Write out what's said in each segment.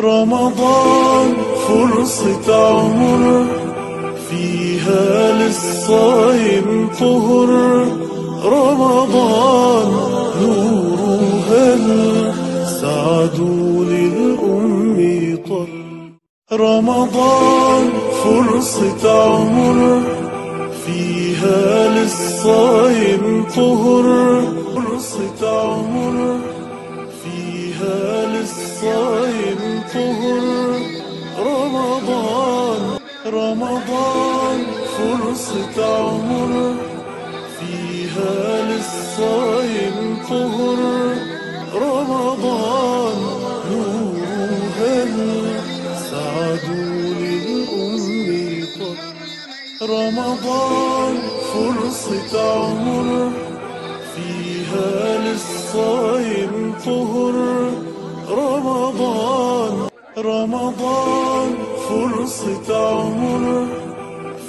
رمضان فرصة عمر فيها للصائم طهر رمضان نور هل سعد للأم طر رمضان فرصة عمر فيها للصائم طهر فرصة طهر رمضان رمضان فرصة عمر فيها للصائم طهر رمضان نور هل سعد للأم قط رمضان فرصة عمر فيها للصائم طهر رمضان رمضان فرصة عمر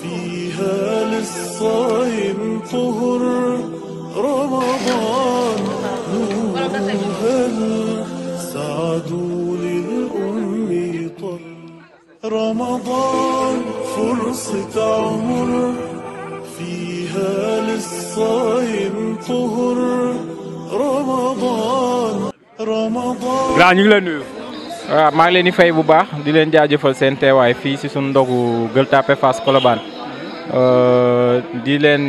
فيها للصائم طهر رمضان نورها سعدوا للأم طر رمضان فرصة عمر فيها للصائم طهر رمضان رمضان waaw ah, maa ngi leen di fay bu baax di leen jaajëfal seen teewaay fii si suñu ndogu Gueule Tapée Fass Colobane euh, di leen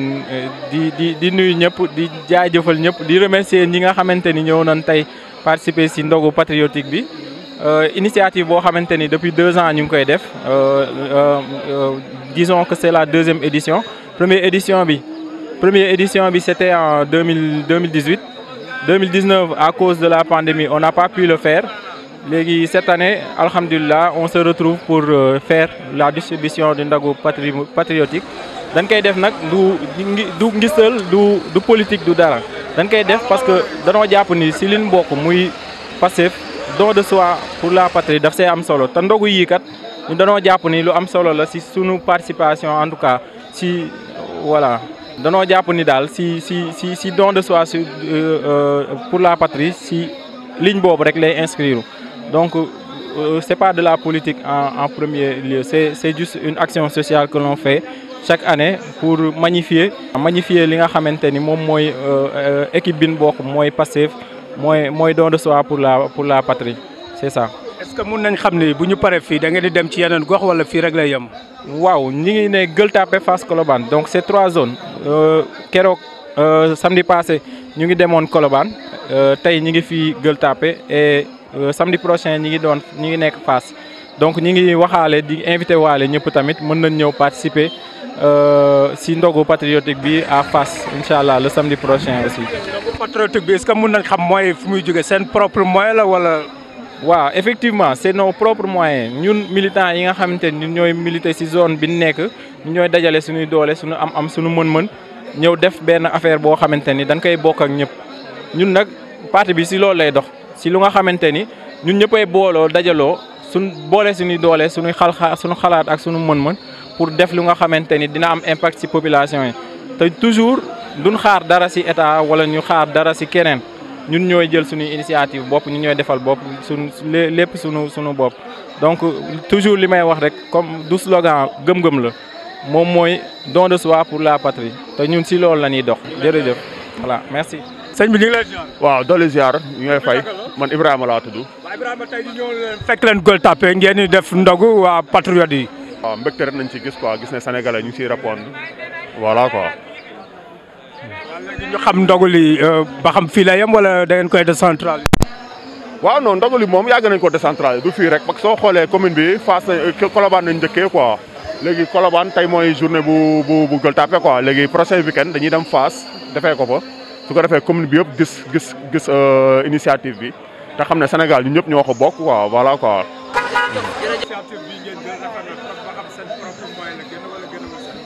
di di di nuyu ñëpp di jaajëfal ñëpp di remercier ñi nga xamante ni ñëw nañ tey participer si ndogu patriotique bi euh, initiative boo xamante ni depuis deux ans ñu ngi koy def euh, disons que c'est la deuxième édition première édition bi première édition bi c'était en deux mille deux à cause de la pandémie on n'a pas pu le faire cette année Alhamdulillah, on se retrouve pour euh, faire la distribution du dago patriotique dañ koy def nag du du du du politique du dara dañ koy def parce que dans jàpp ni si liñ bokk muy passif, don de soi pour la patrie daf amusant. am solo te ndogu yii kat japonais, danoo amusant, ni lu am solo la participation en tout cas si voilà dans jàpp ni dal, si si si si don de soi euh, euh, pour la patrie si l'un boobu rek les inscrire donc, euh, euh, ce n'est pas de la politique en, premier lieu, c'est juste une action sociale que l'on fait chaque année pour magnifier. Magnifier ce que nous c'est l'équipe qui est passive, qui don de soi pour la, pour la patrie. C'est ça. Est-ce que nous savez que si nous parlons ici, vous allez aller dans une autre ou ici rek Wow, nous sommes Gueule Tapé face Colobane, donc c'est trois zones. Euh, euh, samedi passé, nous sommes à Colobane, euh, aujourd'hui nous sommes à Gueule Euh, samedi prochain ñi ngi doon ñi ngi nekk pass donc ñi ngi waxale di invité waale ñëpp tamit mën nañ ñëw participer euh si ndogu patriotique bi à pass inshallah le samedi prochain aussi. ndogu patriotique bi est ce que mën nañ xam moy fu muy jógee sen propre moyen la wala. wa effectivement c'est nos propres moyens ñun militants yi nga xamanteni ñun ñoy militer ci zone bi nekk ñoy dajalé suñu doole suñu am-am suñu mën-mën ñew def ben affaire bo xamanteni dañ koy bok ak ñëpp ñun nak parti bi si loolu lay dox. si lu nga xamante ni ñun ñëppay booloo dajalo suñ boole suñu doole suñu xal suñu xalaat ak suñu mën-mën pour def lu nga xamante ni dina am impact ci population yi te toujours duñ xaar dara ci état wala ñu xaar dara ci keneen ñun ñoy jël suñu initiative bop ñun ñoy défal bop suñu lépp suñu suñu bop donc toujours limay wax rek comme du slogan gëm-gëm la mom moy don de soi pour la patrie te ñun ci lool la ñuy dox jërëjëf voilà merci sëñ bi ñu lay waaw doole ziar ñu fay man Ibrahima laa tudd. fekk leen Gueule Tapée ngeen di def ndogu waa patriote yi. waaw mbégte rek nañ ci gis quoi gis ne sénégalais ñu ngi ciy répondre voilà quoi. ñu xam ndogu li euh, ba xam fii la yem wala da ngeen koy décentraliser. waaw non ndogu li moom yàgg nañ ko décentraliser du fii rek parce soo xoolee commune bi Fass euh, Colobane nañ njëkkee quoi. léegi Colobane tey mooy journée bu bu bu Gueule Tapée quoi léegi prochain week dañuy dem Fass defee ko fa. su ko defee commune bi yëpp gis gis gis euh, initiative bi ta xamné ne Sénégal ñu ñëpp ñoko bok bokk quoi voilà quoi.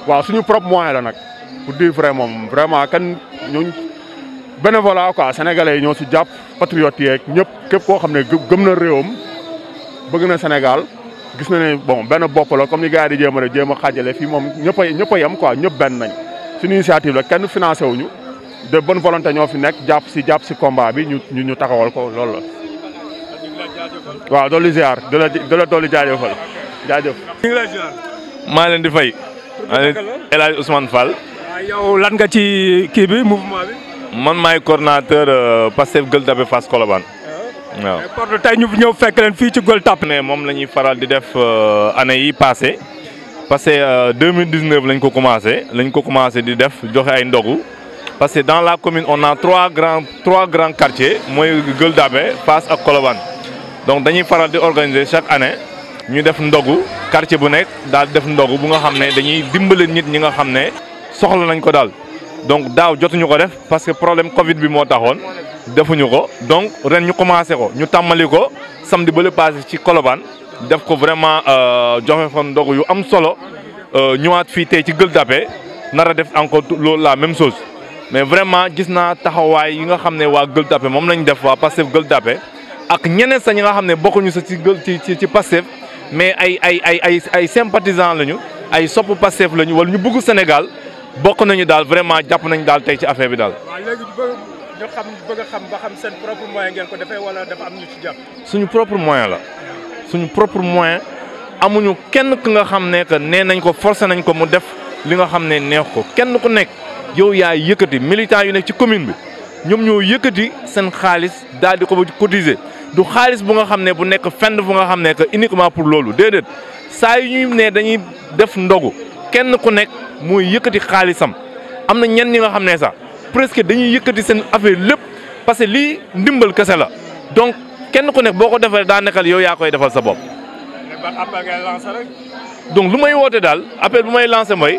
wa suñu propre moyen la nak pour dire vrai moom vraiment kan ñooñu bénévolat quoi sénégalais ñoo ci japp patriote yeeg ñëpp képp ko xamné ne gëm na réewam bëgg na Sénégal gis na ne bon ben bop la comme ni gars di jëma a jéem a xaajale ñëpp ñëpp quoi ñëpp ben nañ suñu initiative la kenn financé wuñu de bonne volonté ñoo fi nekk jàpp si jàpp si combat bi ñu ñu ñu taxawal ko loolu la. waaw dolli ziar di la di ngi maa leen di fay. El Hadj Ousmane Fall. Ah, lan nga ci kii bi mouvement bi. man maay coordonnateur euh, Pastef Gueule Tapée Fass Colobane. Ah. waaw mais tey ñu ñëw fekk leen fii ci Gueule Tapée. ne moom la ñuy faral di def euh, année yi passé parce que 2019 lañ ko commencé lañ ko commencé di def joxe ay ndogu. parce que dans la commune on a trois grands trois grands quartiers passe donc nous avons chaque année ñu fait un quartier bu def nous avons donc parce que problème Covid bi donc nous avons commencé ko ñu Nous samedi passé vraiment euh, joxe quartier ndogu yu am solo euh, ñëwaat nous la même chose mais vraiment gis na taxaway yi nga xamné ne waa tapé mom lañ def waa de tapé ak mais ay ay ay ay sympathisants lañu ay sopp Pastef lañu wala ñu Sénégal bokku nañu dal vraiment japp nañu dal tay ci affaire bi ñu xam bëgg xam ba xam seen propre moyen ngeen ko wala dafa am ñu ci japp suñu propre moyen la suñu propre moyen amuñu kenn ku nga xam que yow yaay yëkkati militant yu nekk ci commune bi ñoom ñoo yëkkati seen xaalis daal di ko cotiser du xaalis bu nga xam ne bu nekk fenn fu nga xam ne que uniquement pour loolu déedéet saa yu ñu ne dañuy def ndogu kenn ku nekk mooy yëkkati xaalisam am na ñenn ñi nga xam ne sax presque dañuy yëkkati seen affaire lépp parce que lii ndimbal kese la donc kenn ku nekk boo ko defee daa nekkal yow yaa koy defal sa bopp. donc lu may woote daal appel bu may lancé mooy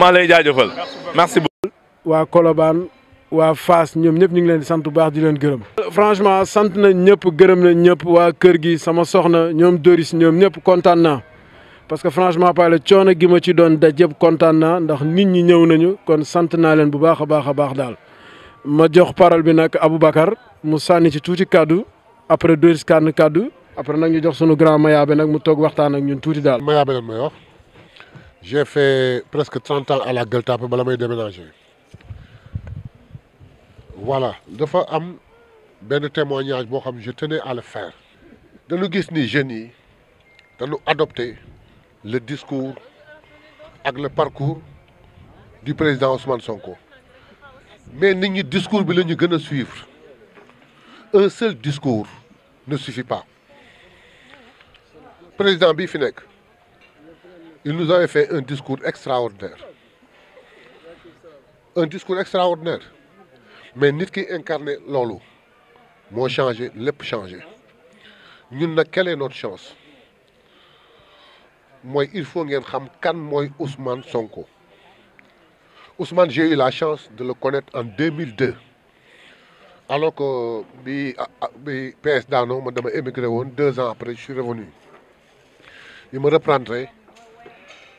maa lay jaajëfal merci beaucoup. waa kolobaan waa Fass ñoom ñëpp ñu ngi leen di sant bu baax di leen gërëm. franchement sant na ñëpp gërëm nañ ñëpp waa kër gi sama soxna ñoom Doris ñoom ñëpp kontaan naa. parce que franchement parler coono gi ma ci doon daj yëpp kontaan naa ndax nit ñi ñëw nañu kon sant naa leen bu baax a baax a baax daal. ma jox parole bi nag Aboubacar mu sànni ci tuuti kaddu après Doris kànn kaddu après nag ñu jox sunu grand Mayaabe nag mu toog waxtaan ak ñun tuuti daal. Mayaabe lan may wax. J'ai fait presque 30 ans à la Gueule pour me déménager voilà y témoignage je tenais à le faire Nous sommes ni jeunes de nous adopter le discours avec le parcours du président Osman Sonko mais nous ñi discours bi discours. suivre un seul discours ne suffit pas président bi il nous avait fait un discours extraordinaire un discours extraordinaire mais nous ki incarné nous Nous changé avons changé Nous avons quelle est notre chance il faut que xam kan moi, Ousmane Sonko Ousmane j'ai eu la chance de le connaître en 2002 alors que bi ah, ah, PS ma émigré deux ans après je suis revenu il me reprendrait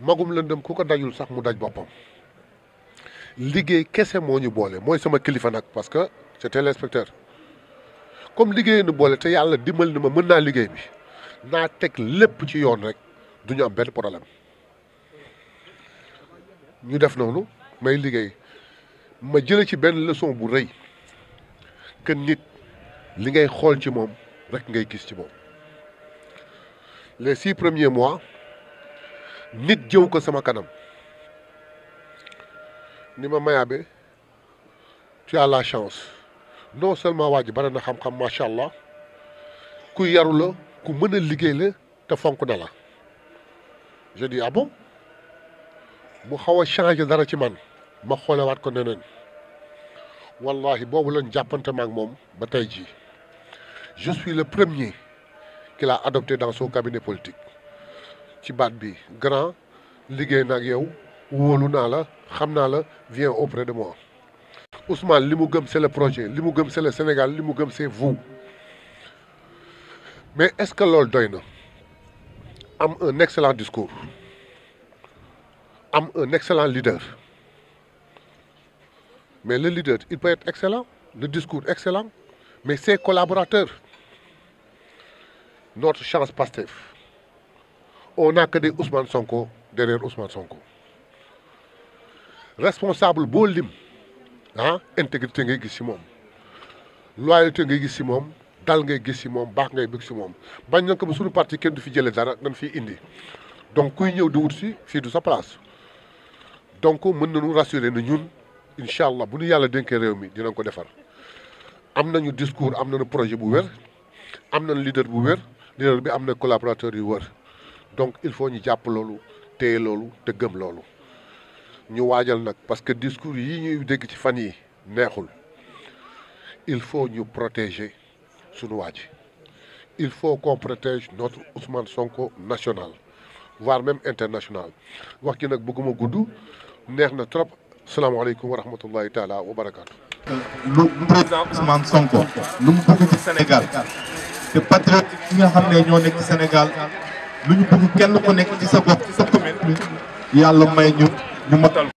magum ne dajul sax mu daj parce que c'était l'inspecteur comme nu bolé te yalla dimbal ma je bi na tek lepp ci yoon rek du am problème ma ci leçon bu que nit li ngay ci mom rek ngay gis les six premiers mois nit jëw ko sama kanam ni ma mayaabe tu as la chance non seulement waa ji na xam-xam macha allah ku yaru la ku meuna a la te fonku na la je dis ah bon mu xawa changer dara ci man ma xoolewaat ko neneen wallahi bobu lañ jàppante mak mom ba tay ji je suis le premier qu'il a adopté dans son cabinet politique ci bi grand ligé na yow wóolu auprès de moi Ousmane li c'est le projet ce c'est le Sénégal li c'est vous mais est-ce que loolu a un excellent discours a un excellent leader mais le leader il peut être excellent le discours excellent mais ses collaborateurs notre chance pasteur, on n'a que des Ousmane Sonko derrière Ousmane Sonko responsable bolim, hein? Ah, intégrité ngay gis ci moom loyauté ngay gis ci moom dal ngay gis ci moom baax ngay bëgg ci moom bañ na ko ba suñu parti kenn fi jëlee dara dañ fi indi donc kuy ñëw di wut si fii du sa place donc mën nañu rassurer ne ñun incha allah bu ñu yàlla dénkee réew mi dinañ ko defar am nañu discours am nañu projet bu wér am nañu leader bu wér leader bi am collaborateur yu wër donc il faut ñu japp lolu téé lolu te gëm loolu ñu waajal n'ak parce que discours yi ñuy dégg ci fan yi neexul il faut ñu protéger sunu waji il faut qu'on protège notre Ousmane Sonko national voire même international wax ki nak bëgguma gudd neex na trop salaamaaleykum wa rahmatullahi taala wa Nous, le président Ousmane Sonko nous bëgg ci Sénégal te patriote qui nga xam ne ñoo Sénégal. lu ñu bëgg kenn ku nekk ci sa bopp ci sa commune yàlla may ñu ñu matal